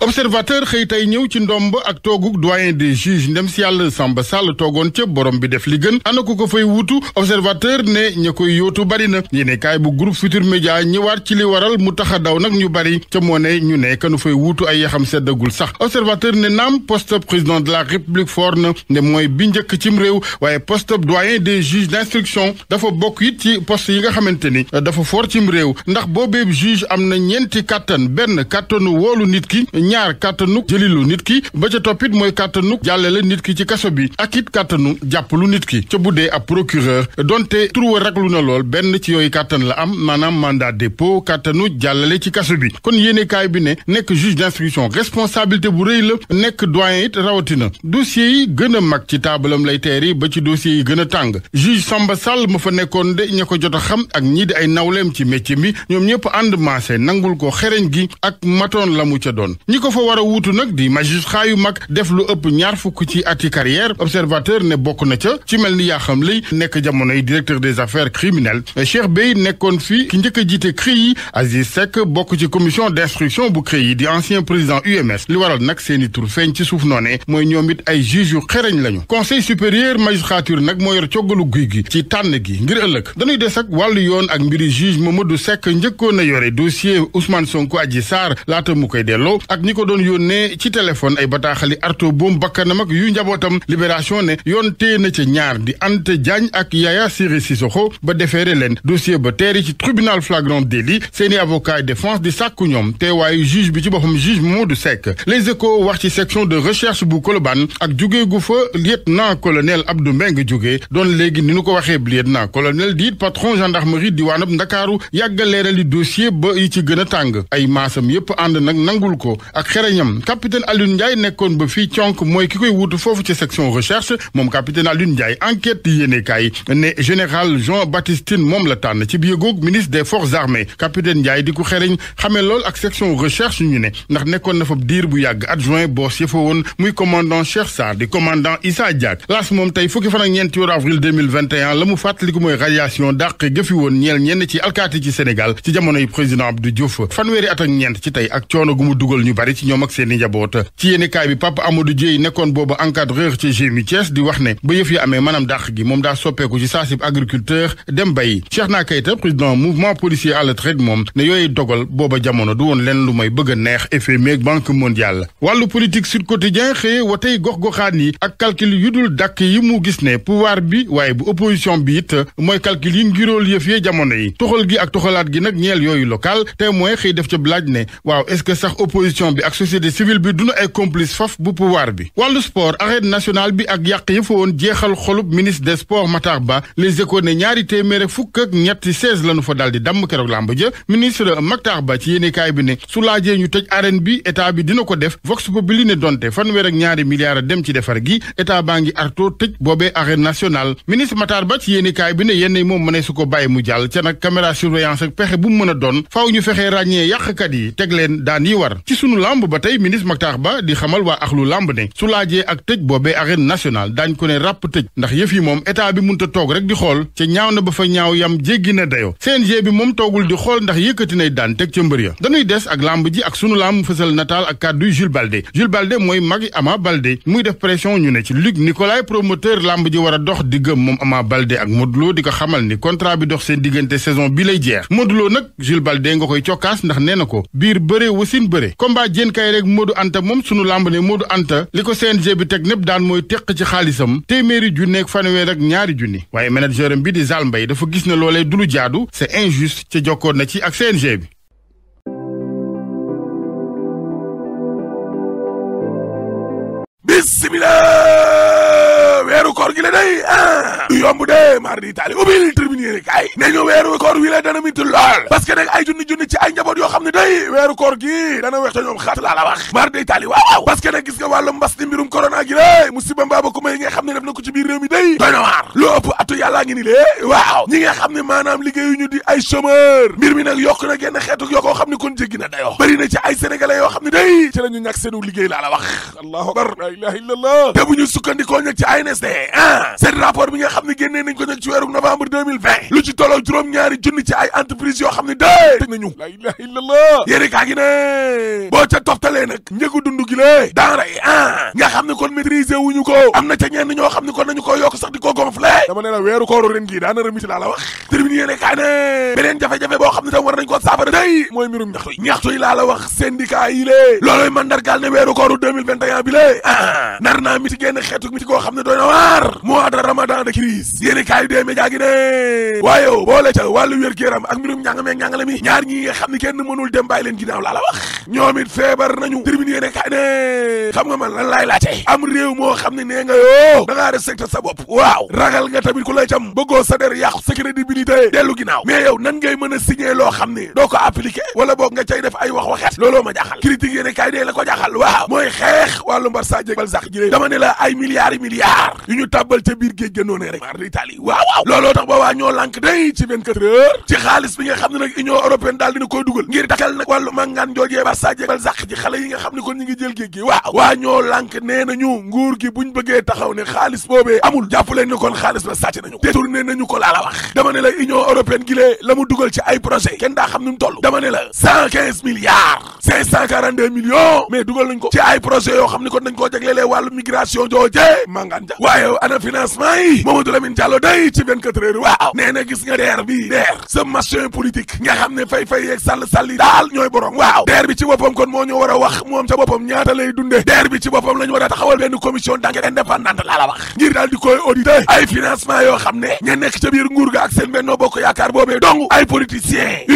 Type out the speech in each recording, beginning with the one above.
observateur xëy tey ñëw ci ndomb ak toogug doyen des juges ndem si yàlla Samba Sall toogoon ca borom bi def li gën ana ko ko fay wuutu observateur ne ña koy yootu bari na yéene kaay bu groupe Futur Média ñëwaat ci li waral mu tax a daw nag ñu bari ca moo ne ñu ne kanu fay wuutu ay yaxam seddagul sax observateur ne naam poste président de la république fort na ne mooy bi njëkk cim réew waaye post doyen des juges d'instruction dafa bokk it ci poste yi nga xamante ni dafa fort cim réew ndax boobee juge am na ñeenti kàttan benn kàttanu woolu nit ki ñaar kàttanu jëlilu nit ki ba ca toppit mooy kàttanu jàllale nit ki ci kaso bi ak it kàttanu jàppalu nit ki ca bu dee ab procureur donte turwa raglu na lool benn ci yooyu kàttan la am maanaam mandat dépôt kàttanu jàllale ci kaso bi kon yéenekaay bi ne nekk juge d'instruction responsabilité bu rëy la nekk doyen it rawatina dossier yi gën a mag ci taabalam lay yi ba ci dossier yi gën a tàng juge Samba Sall ma fa nekkoon de ña ko jot a xam ak ñii di ay nawleem ci métier bi ñoom ñëpp ànd maase ko xereñ gi ak matoon la mu ca doon ñi ko fa war a wuutu nag di magistrat yu mag def lu ëpp ñaar fukk ci ati carrière observateur ne bokk na ca ci mel ni yaa xam lay nekk jamonoy directeur des affaires criminelles Cheikh Bey nekkoon fi ki njëkk a jiite CREI Aziz Seck bokk ci commission d'instruction bu yi di ancien président UMS li waral nag seeni tur feeñ ci suuf noone mooy ñoom it ay juge yu xereñ lañu conseil supérieur magistrature nag moo yor coggalu guy gi ci tànn gi ngir ëllëg dañuy des ak wàllu yoon ak mbiri juge Mamadou Seck njëkkoon a yore dossier Ousmane Sonko Adji Sarr laata mu koy delloo ñi ko doon yónnee ci téléphone ay bataaxali arto boom bakkanam ak yu njabootam libération ne yoon téye na ca ñaar di Anta Diagne ak Yaya Siré Sissoko ba defeere leen dossier ba teeri ci tribunal flagrant délit seeni avocat défense di sàkku ñoom te waaye juge bi ci boppam juge du Seck les échos wax ci section de recherche bu Colobane ak jugee gu fa naa lieutenant ab Abdou Mbengue jugee doon léegi ni nu ko waxee lieutenant colonel di patron gendarmerie diwaanab Ndakaaru yàgga leerali dossier ba yi ci gën a tàng ay maasam yépp ànd nag nangul ko ak xereñam capitaine Alioune Ndiaye nekkoon ba fii conk mooy ki koy wuutu foofu ci section recherche moom capitaine Alioune Ndiaye enquête yéenekaay ne général Jean Baptiste moom la tànn ci biir googu ministre des forces armées capitaine Ndiaye di ko xereñ xamee lool ak section recherche ñu ne ndax nekkoon na fa diir bu yàgg adjoint boos yëfa woon muy commandant Cheikh Sarr di commandant Issa Diack laas moom tey fukki fan ak ñeenti yor avril 2021 la mu fàttaliku mooy radiation dàq gëfi woon ñeel ñenn ci alkaati ci Sénégal ci jamonoy président Abdou Diouf fanweeri at ñu bari ci ñoom ak seen i njaboot ci yéenekaay bi Papa Amadou Dieye nekkoon boobu encadreur ci GMI Thiès di wax ne ba yëf yi amee maanaam dàq gi moom daa soppeeku ci saasib agriculteur dem bay Cheikhna Keita président mouvement policier à la traite moom ne yooyu dogal booba jamono du woon lenn lu may bëgg a neex FMI ak Banque mondiale wàllu politique Sud Quotidien xëye watey gox-goxaan yi ak calcul yu dul dàkk yi mu gis ne pouvoir bi waaye bu opposition bi it mooy calcul yi ngiróol yëf yee yi toxal gi ak toxalaat gi nag ñeel yooyu local te mooy xëy def ne bi ak société civile bi dunu ay complice faf bu pouvoir bi wàllu sport arène nationale bi ak yàq yëfa woon jeexal xolub ministre des sports Matar Ba les échos ne ñaari téeméer ak fukk ak ñetti seize lañu fa daldi damm keroog làmb ja ministre Matar Ba ci yéenekaay bi ne su laajee ñu tëj arène bi état bi dina ko def vox populi ne donte fanweer ak ñaari milliards dem ci defar gi état baa ngi artoo tëj boobee arène nationale ministre Matar Ba ci yéenekaay bi ne yenn moom mënee su ko bàyyi mu jàll ca nag caméra surveillance ak pexe bu mu mën a doon faaw ñu fexee ràññee yàqkat yi teg leen daan yi lamb ba tey ministre Makhtar Ba di xamal waa axlu lamb ne su laajee ak tëj boobee arène nationale daañ ko ne ràpp tëj ndax yëf yi moom état bi munta toog rek di xool ca ñaaw na ba fa ñaaw yam jéggi na dayo CNG bi moom toogul di xool ndax yëkkati nay daan teg ca mbër ya dañuy des ak lamb ji ak sunu lamb fësal nataal ak kàddu Jules Balde Jules Balde mooy magi Ama Balde muy def pression ñu ne ci Luc Nicolaï promoteur lamb ji war a dox diggam moom Ama Balde ak Modou Lo di ko xamal ni contrat bi dox seen diggante saison bi lay jeex Modou Lo nag Jules Balde nga koy cokkaas ndax nee na ko biir jéen kay rek Modou Anta moom sunu làmb ne Modou Anta li ko seen CNG bi teg népp daan mooy teq ci xaalisam téeméeri junne ak fanweer ak ñaari junni waaye manager am bi di Zal Mbaye dafa gis ne loolee du lu jaadu c'est injuste ca jokkoon na ci ak CNG bi bismillah gi la day ah du yomb de mar di la dana mitti lool parce que nag ay waaw waaw parce xam ne def na ko ci biir réew mi day doy na waar lu ëpp atu yàllaa ni di ay chômeur mbir mi nag yokk na genn xeetu o xam ne kon jéggi na dayoo bëri ci ay sénégalais yoo xam ne day ci la ñu ñàkk seenu liggéey laa la wax allahu akbar la ilaha illallah te bu ñu sukkandikoo ñag ci ANSD ah ah seen rapport bi nga xam ne génnee nañ ko nag ci weeru novembre 2020 lu ci tolloo juróom-ñaari junni ci ay entreprise yoo xam ne dee tëj nañu la ilaha illallah yéri kaa gi ne boo ca toftalee nag njëgu dund gi lée denra yi ah nga xam ne kon maîtriser wuñu ko am na ca ñenn ñoo xam ne kon nañu ko yokk sax di ko gonflé dama ne la weeru kooru ren gii daana remiti laa la wax tribune yéene kaa ne beneen jafe-jafe boo xam ne tam war nañ ko saafara day mooy mbirum ñaxtu laa la wax syndicat yi lée looloy mandargaal ne weeru kooru 2021 bi lée ah xeetu koo xam ne doy koor mois de ramadan de crise yéeni kaay yi dee média gi ne waaye boole ca wàllu wér géeram ak mbirum njàng meeg njàngale mi ñaar ñi nga xam ne kenn mënul dem bàyyi leen ginnaaw laa la wax ñoom it feebar nañu tribune yéene ne xam nga man lan laay laajte am réew moo xam ne nee nga yoo oh, da ngaa sa bopp waaw ragal nga tamit ku lay cam bëggoo sa der yàqu sa dellu ginnaaw mais yow nan ngay mën a signé loo xam ne doo ko appliqué wala boog nga cay def ay wax waxet looloo ma jaaxal critique la ko jaaxal waaw mooy xeex wàllu sa jégbal sax ji la ay milliards yi milliards tàbbal ca biir géej ga noonee rek mar d'Italie waaw waaw looloo tax ba waa ñoo lànk day ci 24 heures ci xaalis bi nga xam ne nag union européenne daal dina koy dugal ngir dakkal nag wàllu màngaan joojee Barça jeeg Balzac ji xale yi nga xam ne kon ñi ngi jël géej gi waaw waa ñoo lànk nee nañu nguur gi buñ bëggee taxaw ne xaalis boobee amul jàpp leen ne kon xaalis ba sàcc nañu détourné nañu ko laa la wax dama la union européenne gi la mu dugal ci ay ana financement yi Mamadou Lamine Diallo day ci 24 heures waaw nee gis nga deer bi deer ce machin politique nga xam ne fay-fay yeeg sàll-sàll yi daal ñooy borom waaw deer bi ci boppam kon moo ñu war a wax moom ca boppam ñaata lay dunde deer bi ci boppam la ñu a taxawal benn commission d'enquête indépendante laa la wax ngir daal di koy auditer ay financement yoo xam ne ña nekk ca biir nguur ga ak seen bennoo bokk yaakaar boobee dong ay politiciens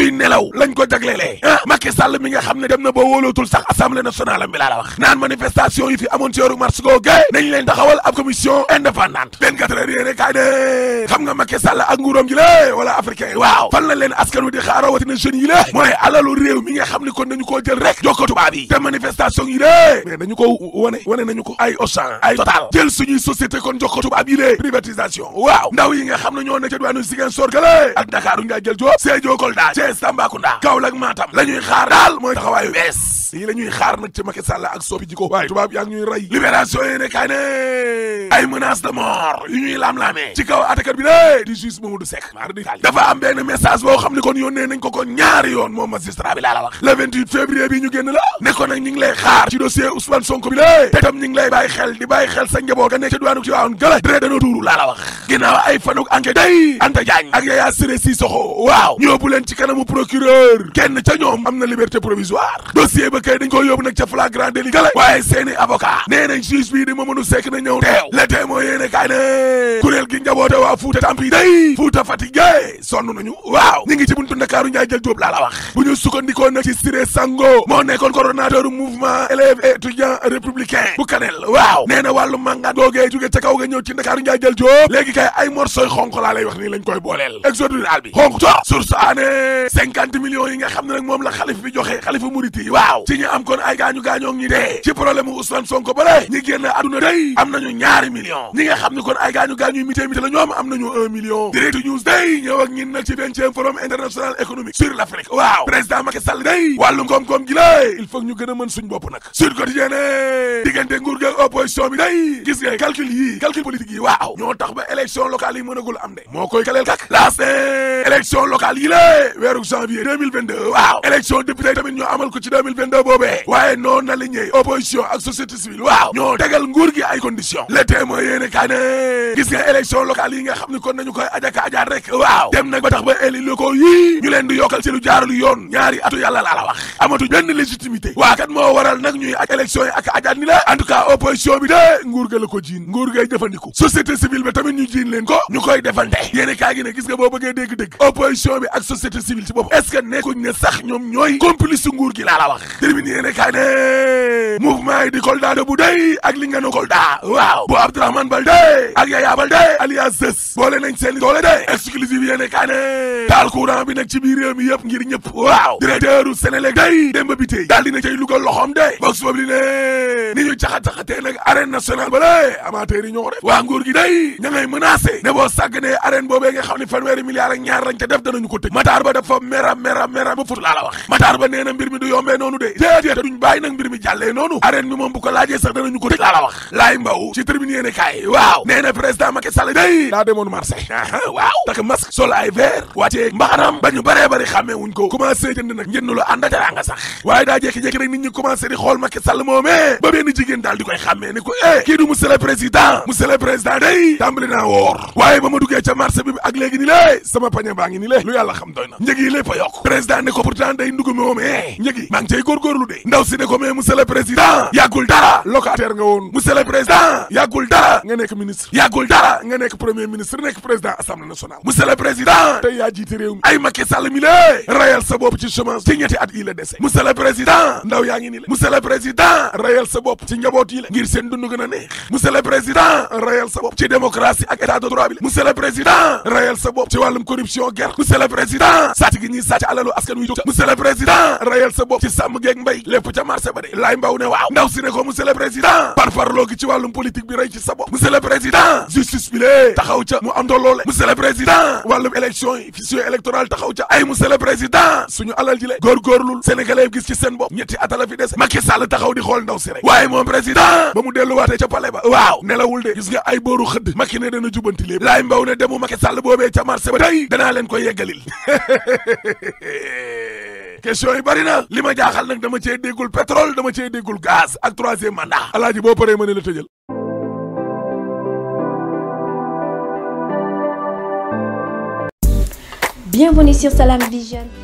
indépendante den nga tëral yéene kaay de xam nga Macky Sall ak nguuram ji la wala africain yi waaw fan la leen askan wi di xaar rawatina jeunes yi la mooy alalu réew mi nga xam ni kon nañu koo jël rek jox ko tubaab yi te manifestation yi de mais dañu ko wane wane nañu ko ay Auchan ay Total jël suñuy société kon jox ko tubaab yi la privatisation waaw ndaw yi nga xam ne ñoo nekk ca diwaanu Ziguinchor gale ak Dakar u Ndiaye jël Diop Sédhiou Kolda la ñuy xaar daal mooy taxawaayu bees lii la la mort yu ñuy laam-laamee ci kaw attakat bi lé di juge Mamadou Seck maar di dafa am benn message boo xam ne kon yónnee nañ ko ko ñaari yoon moom magistrat bi la wax le 28 bi ñu génn la ne nag ñu lay xaar ci dossier Ousmane Sonko bi lé te tam ñu lay bàyyi xel di bàyyi xel sa njaboot ga nekk ca duwaanu ci waawoon gala dre leen ci kanamu procureur kenn ca ñoom am na liberté provisoire dossier ba kay dañ ko yóbbu nag ca flagrant délit gala waaye seeni avocat yéene kaay ne kuréel gi njaboote waa Fuuta tampi day Fuuta fatigué sonn nañu waaw ñi ngi ci buntu Ndakaaru Njaay jël jóob laa la wax bu ñu sukkandikoo nag ci Siré Sango moo nekkoon coordonnateur mouvement élèves et étudiants républicain bu kaneel waaw nee na wàllu màngaat googee jóge ca kaw nga ñëw ci Ndakaaru Njaay jël jóob léegi kay ay morsoy xonq laa lay wax nii lañ koy booleel exode rural bi xonq to source ané cinquante millions yi nga xam ne nag moom la xalif bi joxe xalifa murit yi waaw ci ñu am kon ay gaañu gaañoo ñi dee ci problème Ousmane nga xam ni kon ay gaañu gaañu mité mité la ñoom am nañu un million direct news day ñëw ak ñin nag ci vingtième forum international économique sur l'Afrique waaw président Macky day wàllum koom gi lay il faut ñu gën a mën suñ bopp nag sur quotidien ne diggante nguur gi opposition bi day gis nga calcul yi calcul politique yi waaw ñoo tax ba élection locale yi mënagul am de moo koy kaleel kak laas élection locale yi lée weeru janvier 2022 waaw élection député tamit ñu amal ko ci 2022 boobee waaye noonu na li ñëw opposition ak société civile waaw ñoo tegal nguur gi ay conditions le témoin yéene kaa gis nga élection locale yi nga xam ne kon nañu koy ajaka ajaar rek waaw dem nag ba tax ba éli locaux yii ñu leen di yokkal ci lu jaarul yoon ñaari atu yàlla la amatu benn légitimité waa kat moo waral nag ñuy ak yi dëgg opposition bi ak société civile ci bopp est-ce que nekkuñ ne sax ñoom ñooy complice nguur gi laa la wax tribune yéene kaay ne mouvement yi di Kolda de bu day ak li nga no Kolda waaw bu Abdourahmane Baldé ak Yaya Baldé alias Zës boole nañ seen doole de exclusive yéene kaay ne taal courant bi nag ci biir réew mi yëpp ngir ñëpp waaw directeuru Sénélec day Demba Bitèye daal dina cay lugal loxoom de box boobu li ne ni ñu caxa-caxatee nag arène nationale ba lay amateur yi ñoo waa nguur xam ne fanweeri milliards ñaar Mataar lañ ca def danañu ko tëj Mataar ba dafa mera mera mera ba fut laa la wax Mataar ba nee mbir mi du yombee noonu de déedéet te duñ bàyyi nag mbir mi jàllee noonu arène bi moom bu ko laajee sax danañu ko tëj laa la wax laay mbaw ci tribune yéene kaay waaw nee na président Macky Sall day daa demoon marché waaw takk masque sol ay verre wàccee mbaxanaam ba ñu baree bari xàmmee wuñ ko commencé jënd nag njënd lu ànd ak sax waaye daa jékki rek nit terrain baa ngi ni lu yàlla xam doy na njëg yi lépp a président ne ko pourtant day ndugumi woomee eh. njëg yi maa ngi cay góorgóorlu de ndaw si ne ko mais monsieur le président yàggul dara locataire nga woon monsieur le président yàggul dara nga nekk ministre yàggul dara nga nekk premier ministre nekk président assemblée nationale monsieur le président ndaw yaa ngi ni lé monsieur président rayal sa ci njaboot yi la ngir seen dund gën neex monsieur le président rayal sa ci démocratie gestion guerre monsieur le sa bopp ci sàmm geeg mbéy lépp ca marché ba de laay mbaw ne waaw ndaw si ne ko monsieur le par parloo gi ci wàllum politique bi rey ci sa bopp monsieur le président justice bi taxaw ca mu àndoo loole monsieur le président wàllum élection yi fichier électoral taxaw ca ay monsieur le président suñu alal ji le góorgóorlul sénégalais gis ci seen bopp ñetti atala fi des Macky Sall taxaw di xool ndaw si rek waaye moom président ba mu delluwaatee danaa leen koy yeggalil question yi bari na li ma jaaxal nag dama cee déggul pétrole dama cee déggul gaz ak troisième mandat alaaji boo paree ma ne la tëjal Bienvenue sur Salam Vision.